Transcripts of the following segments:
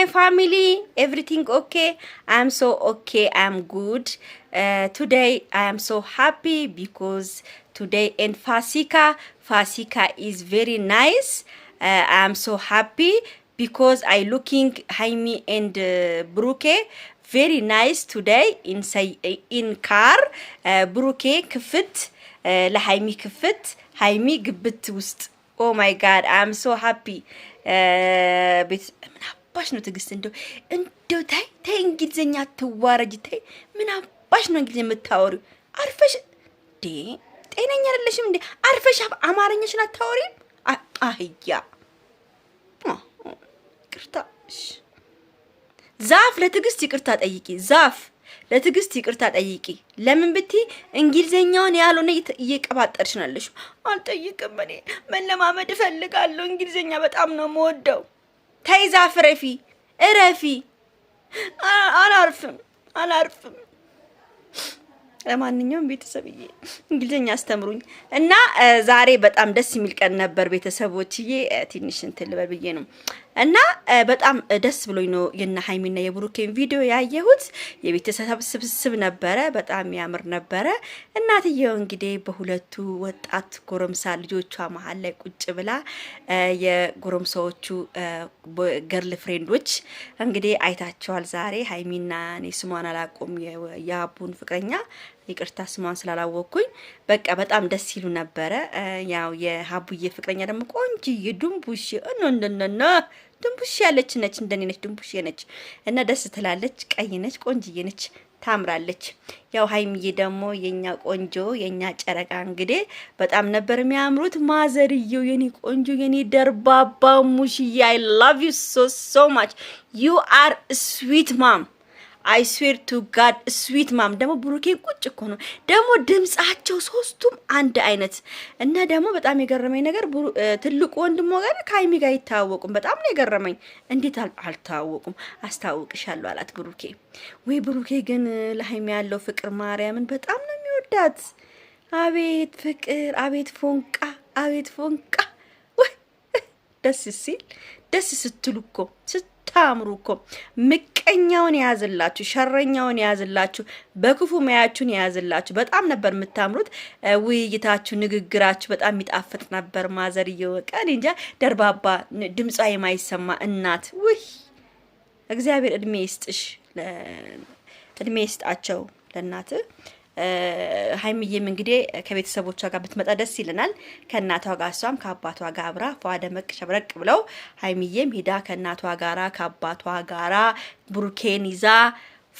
my family? Everything okay? I'm so okay. I'm good. Uh, today I am so happy because today in Fasika, Fasika is very nice. Uh, I am so happy because I looking Jaime and uh, Brooke very nice today in uh, in car uh, Brooke ክፍት Jaime ክፍት ሃይሚ ግብት ውስጥ ኦ ማይ ጋድ አም ሶ ሃፒ አባሽ ነው ትዕግስት፣ እንደው እንደው ታይ ታይ፣ እንግሊዝኛ አትዋረጅ። ታይ ምን አባሽ ነው እንግሊዝ የምታወሪው? አርፈሽ ዴ ጤነኛ አይደለሽም እንዴ? አርፈሽ አማርኛሽን አታወሪም? አህያ ቅርታ። ዛፍ ለትዕግስት ይቅርታ ጠይቂ። ዛፍ ለትዕግስት ይቅርታ ጠይቂ። ለምን ብትይ እንግሊዘኛውን ያልሆነ እየቀባጠርሽ ነው ያለሽው። አልጠይቅም፣ እኔ መለማመድ እፈልጋለሁ። እንግሊዘኛ በጣም ነው የምወደው። ተይዛ ፍረፊ እረፊ። አላርፍም አላርፍም። ለማንኛውም ቤተሰብዬ እንግሊዝኛ አስተምሩኝ እና ዛሬ በጣም ደስ የሚል ቀን ነበር ቤተሰቦችዬ። ትንሽ እንትን ልበል ብዬ ነው እና በጣም ደስ ብሎኝ ነው የነ ሀይሚና የብሩኬን ቪዲዮ ያየሁት። የቤተሰብ ስብስብ ነበረ፣ በጣም ያምር ነበረ። እናትየው እንግዲህ በሁለቱ ወጣት ጎረምሳ ልጆቿ መሀል ላይ ቁጭ ብላ የጎረምሳዎቹ ገርል ፍሬንዶች እንግዲህ አይታቸዋል። ዛሬ ሀይሚና እኔ ስሟን አላቆም የአቡን ፍቅረኛ ይቅርታ ስሟን ስላላወቅኩኝ በቃ በጣም ደስ ይሉ ነበረ። ያው የሀቡዬ ፍቅረኛ ደግሞ ቆንጆዬ ዱንቡሽ እኖ ድንቡሽ ያለች ነች፣ እንደኔ ነች፣ ድንቡሽ ነች እና ደስ ትላለች። ቀይ ነች፣ ቆንጅዬ ነች፣ ታምራለች። ያው ሀይምዬ ደግሞ የኛ ቆንጆ የኛ ጨረቃ እንግዲህ በጣም ነበር የሚያምሩት። ማዘርየው የኔ ቆንጆ የኔ ደርባባ ሙሽዬ አይ ላቭ ዩ ሶ ሶ ማች ዩ አር ስዊት ማም ስዌር ቱ ጋድ ስዊት ማም ደግሞ ብሩኬ ቁጭ እኮ ነው ደግሞ ድምጻቸው ሶስቱም አንድ አይነት እና ደግሞ በጣም የገረመኝ ነገር ትልቁ ወንድሞ ጋር ከሀይሚ ጋር አይተዋወቁም። በጣም ነው የገረመኝ። እንዴት አልተዋወቁም? አስታውቅሻለሁ አላት ብሩኬ። ወይ ብሩኬ ግን ለሀይሚ ያለው ፍቅር ማርያምን በጣም ነው የሚወዳት። አቤት ፍቅር፣ አቤት ፎንቃ፣ አቤት ፎንቃ። ደስ ሲል ደስ ስትሉ እኮ አታምሩ እኮ። ምቀኛውን የያዝላችሁ፣ ሸረኛውን የያዝላችሁ፣ በክፉ መያችሁን የያዝላችሁ። በጣም ነበር የምታምሩት። ውይይታችሁ፣ ንግግራችሁ በጣም የሚጣፍጥ ነበር። ማዘር እየወቀን እንጃ ደርባባ ድምጿ የማይሰማ እናት ውይ እግዚአብሔር እድሜ ይስጥሽ፣ እድሜ ይስጣቸው ለእናት ሀይሚዬም እንግዲህ ከቤተሰቦቿ ጋር ብትመጣ ደስ ይለናል። ከእናቷ ጋር እሷም ከአባቷ ጋር አብራ ፏ ደመቅ ሸብረቅ ብለው ሀይሚዬም ሂዳ ከእናቷ ጋራ ከአባቷ ጋራ ብሩኬን ይዛ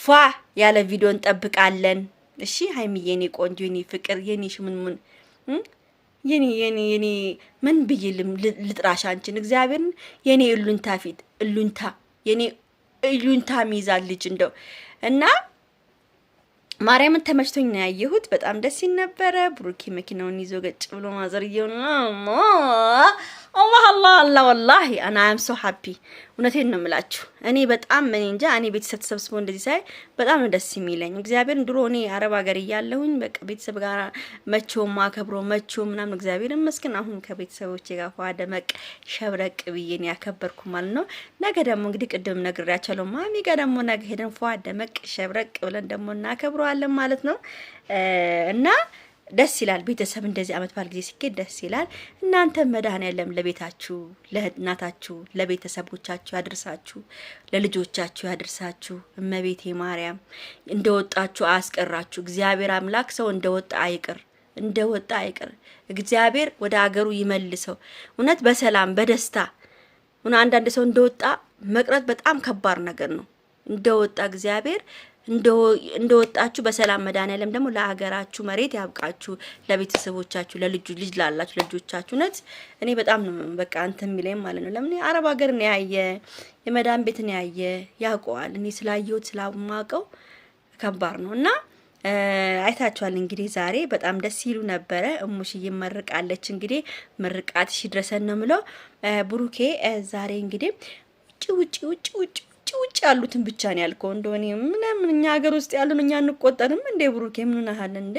ፏ ያለ ቪዲዮ እንጠብቃለን። እሺ ሀይሚዬ፣ የኔ ቆንጆ፣ የኔ ፍቅር፣ የኔ ሽምንሙን የኔ የኔ የኔ ምን ብዬ ልጥራሽ አንቺን እግዚአብሔርን የኔ እሉንታ ፊት እሉንታ የኔ እሉንታ ሚይዛል ልጅ እንደው እና ማርያምን ተመችቶኝ ነው ያየሁት። በጣም ደስ ይል ነበረ። ብሩኬ መኪናውን ይዞ ገጭ ብሎ ማዘር እየሆነ አላህ አላ አላ ወላሂ አና አም ሶ ሃፒ። እውነቴን ነው የምላችሁ። እኔ በጣም እኔ እንጃ እኔ ቤተሰብ ተሰብስቦ እንደዚህ ሳይ በጣም ነው ደስ የሚለኝ። እግዚአብሔርን ድሮ እኔ አረብ ሀገር እያለሁኝ በቃ ቤተሰብ ጋር መቼው ማከብሮ መቼው ምናምን እግዚአብሔር ይመስገን። አሁን ከቤተሰቦቼ ጋር ፏ ደመቅ ሸብረቅ ብዬን ያከበርኩ ማለት ነው። ነገ ደግሞ እንግዲህ ቅድም ነግሬያቸዋለሁ ማሚ ጋር ደግሞ ነገ ሄደን ፏ ደመቅ ሸብረቅ ብለን ደግሞ እናከብረዋለን ማለት ነው እና ደስ ይላል። ቤተሰብ እንደዚህ አመት በዓል ጊዜ ሲኬድ ደስ ይላል። እናንተ መድኃኔዓለም ለቤታችሁ፣ ለእናታችሁ፣ ለቤተሰቦቻችሁ ያድርሳችሁ፣ ለልጆቻችሁ ያድርሳችሁ። እመቤቴ ማርያም እንደወጣችሁ አያስቀራችሁ። እግዚአብሔር አምላክ ሰው እንደወጣ አይቅር እንደወጣ አይቅር። እግዚአብሔር ወደ አገሩ ይመልሰው። እውነት በሰላም በደስታ ሁን። አንዳንድ ሰው እንደወጣ መቅረት በጣም ከባድ ነገር ነው። እንደወጣ እግዚአብሔር እንደወጣችሁ በሰላም መድኃኔዓለም ደግሞ ለሀገራችሁ መሬት ያብቃችሁ፣ ለቤተሰቦቻችሁ፣ ለልጁ ልጅ ላላችሁ ለልጆቻችሁ። እውነት እኔ በጣም ነው በቃ እንትን የሚለኝ ማለት ነው። ለምን አረብ ሀገር ነው ያየ የመዳን ቤት ነው ያየ ያውቀዋል። እኔ ስላየሁት ስላማቀው ከባድ ነው እና አይታችኋል እንግዲህ ዛሬ በጣም ደስ ይሉ ነበረ። እሙሽ እየመርቃለች እንግዲህ ምርቃት ሺ ድረሰን ነው ምለው ብሩኬ ዛሬ እንግዲህ ውጭ ውጭ ውጭ ውጭ ውጭ ውጭ ያሉትን ብቻ ነው ያልከው። እንደሆነ ምንም እኛ ሀገር ውስጥ ያሉን እኛ እንቆጠርም እንዴ? ብሩኬ የምንናሃለን እንዴ?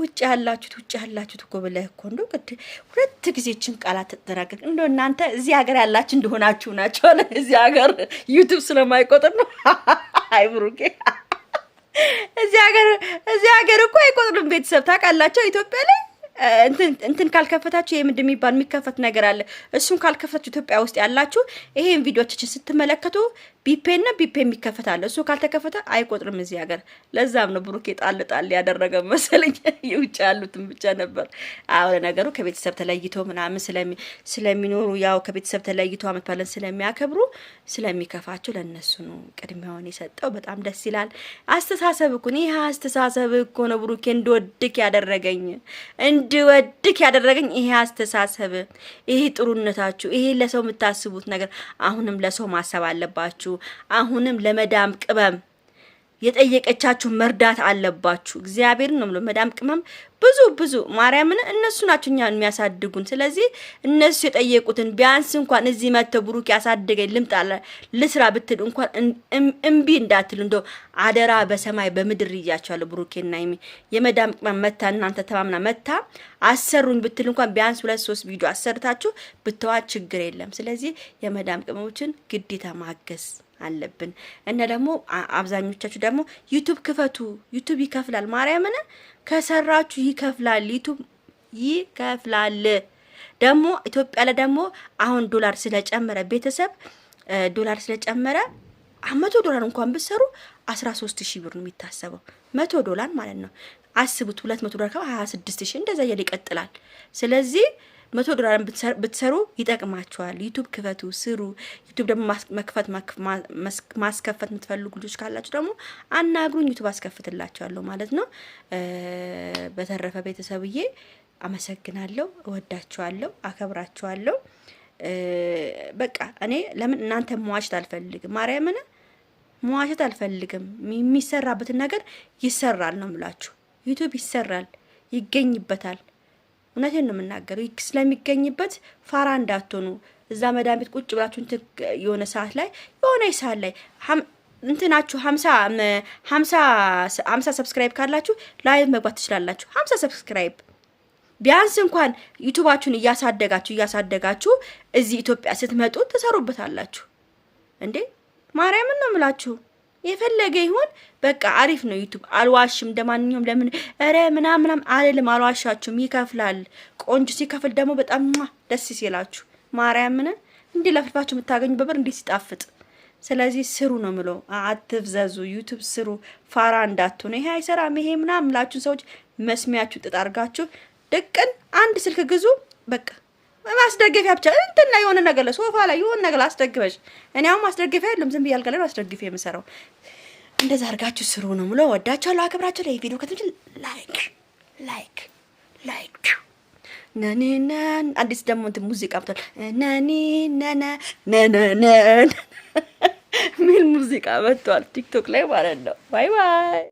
ውጭ ያላችሁት ውጭ ያላችሁት እኮ ብለህ እኮ እንደው ቅድ ሁለት ጊዜ ጊዜችን ቃላት ተጠናቀቅ። እንደው እናንተ እዚህ ሀገር ያላችሁ እንደሆናችሁ ናቸው። እዚህ ሀገር ዩቱብ ስለማይቆጥር ነው። አይ ብሩኬ እዚህ ሀገር እዚህ ሀገር እኮ አይቆጥርም። ቤተሰብ ታውቃላቸው ኢትዮጵያ ላይ እንትን ካልከፈታችሁ ይሄ ምንድን የሚባል የሚከፈት ነገር አለ። እሱን ካልከፈታችሁ ኢትዮጵያ ውስጥ ያላችሁ ይሄን ቪዲዮችን ስትመለከቱ ቢፔ እና ቢፔ የሚከፈት አለ። እሱ ካልተከፈተ አይቆጥርም እዚህ ሀገር። ለዛም ነው ብሩኬ ጣል ጣል ያደረገ መሰለኝ። የውጭ ያሉትን ብቻ ነበር። አሁን ነገሩ ከቤተሰብ ተለይቶ ምናምን ስለሚኖሩ ያው ከቤተሰብ ተለይቶ አመት ባለን ስለሚያከብሩ ስለሚከፋቸው ለእነሱ ነው ቅድሚያውን የሰጠው። በጣም ደስ ይላል። አስተሳሰብ እኮ ይህ አስተሳሰብ እኮ ነው ብሩኬ እንድወድክ ያደረገኝ እንድወድክ ያደረገኝ ይሄ አስተሳሰብ፣ ይሄ ጥሩነታችሁ፣ ይሄ ለሰው የምታስቡት ነገር አሁንም ለሰው ማሰብ አለባችሁ። አሁንም ለመዳም ቅመም የጠየቀቻችሁ መርዳት አለባችሁ። እግዚአብሔርን ነው ብሎ መዳም ቅመም ብዙ ብዙ ማርያምን እነሱ ናቸው እኛን የሚያሳድጉን። ስለዚህ እነሱ የጠየቁትን ቢያንስ እንኳን እዚህ መጥተው ብሩክ ያሳደገኝ ልምጣ ልስራ ብትል እንኳን እምቢ እንዳትል፣ እንደ አደራ በሰማይ በምድር እያቸዋለሁ። ብሩኬና የመዳም ቅመም መታ እናንተ ተማምና መታ አሰሩኝ ብትል እንኳን ቢያንስ ሁለት ሶስት ቪዲዮ አሰርታችሁ ብተዋ ችግር የለም። ስለዚህ የመዳም ቅመሞችን ግዴታ ማገዝ አለብን። እነ ደግሞ አብዛኞቻችሁ ደግሞ ዩቱብ ክፈቱ፣ ዩቱብ ይከፍላል። ማርያምን ከሰራችሁ ይከፍላል፣ ዩቱብ ይከፍላል። ደግሞ ኢትዮጵያ ላይ ደግሞ አሁን ዶላር ስለጨመረ ቤተሰብ ዶላር ስለጨመረ መቶ ዶላር እንኳን ብትሰሩ አስራ ሶስት ሺህ ብር ነው የሚታሰበው መቶ ዶላር ማለት ነው። አስቡት ሁለት መቶ ዶላር ከ ሀያ ስድስት ሺህ እንደዛ እያለ ይቀጥላል። ስለዚህ መቶ ዶላርን ብትሰሩ ይጠቅማቸዋል። ዩቱብ ክፈቱ፣ ስሩ። ዩቱብ ደግሞ መክፈት ማስከፈት የምትፈልጉ ልጆች ካላችሁ ደግሞ አናግሩኝ፣ ዩቱብ አስከፍትላቸዋለሁ ማለት ነው። በተረፈ ቤተሰብዬ አመሰግናለሁ፣ እወዳችኋለሁ፣ አከብራችኋለሁ። በቃ እኔ ለምን እናንተ መዋሸት አልፈልግም፣ ማርያምን መዋሸት አልፈልግም። የሚሰራበትን ነገር ይሰራል ነው ምላችሁ። ዩቱብ ይሰራል፣ ይገኝበታል። እውነቴን ነው የምናገረው። ስለሚገኝበት ፋራ እንዳትሆኑ። እዛ መዳን ቤት ቁጭ ብላችሁን የሆነ ሰዓት ላይ የሆነ ሰዓት ላይ እንትናችሁ ሀምሳ ሀምሳ ሀምሳ ሰብስክራይብ ካላችሁ ላይቭ መግባት ትችላላችሁ። ሀምሳ ሰብስክራይብ ቢያንስ እንኳን ዩቱባችሁን እያሳደጋችሁ እያሳደጋችሁ እዚህ ኢትዮጵያ ስትመጡ ትሰሩበታላችሁ። እንዴ ማርያምን ነው የምላችሁ። የፈለገ ይሁን በቃ አሪፍ ነው። ዩቱብ አልዋሽም፣ እንደማንኛውም ለምን ረ ምናምናም አልልም፣ አልዋሻችሁም። ይከፍላል፣ ቆንጆ ሲከፍል ደግሞ በጣም ደስ ሲላችሁ ማርያምን እንዲህ ለፍልፋችሁ የምታገኙ በብር እንዲህ ሲጣፍጥ። ስለዚህ ስሩ ነው ምሎ፣ አትብዘዙ፣ ዩቱብ ስሩ፣ ፋራ እንዳትሆኑ። ይሄ አይሰራም ይሄ ምናምን ምላችሁን ሰዎች መስሚያችሁ ጥጥ አድርጋችሁ ድቅን አንድ ስልክ ግዙ በቃ ማስደገፊያ ብቻ እንትና የሆነ ነገር ለሶፋ ላይ የሆነ ነገር አስደግፈሽ። እኔ አሁን ማስደግፊያ የለም፣ ዝም ብዬ አልጋ ላይ አስደግፌ የምሰራው። እንደዛ አድርጋችሁ ስሩ ነው ምሎ። ወዳችኋለሁ፣ አክብራችሁ ላይ ቪዲዮ ከተመቸ ላይክ ላይክ ላይክ ነኔና አዲስ ደግሞ እንትን ሙዚቃ ብቷል። ነኔ ነነ ሚል ሙዚቃ መጥቷል ቲክቶክ ላይ ማለት ነው። ባይ ባይ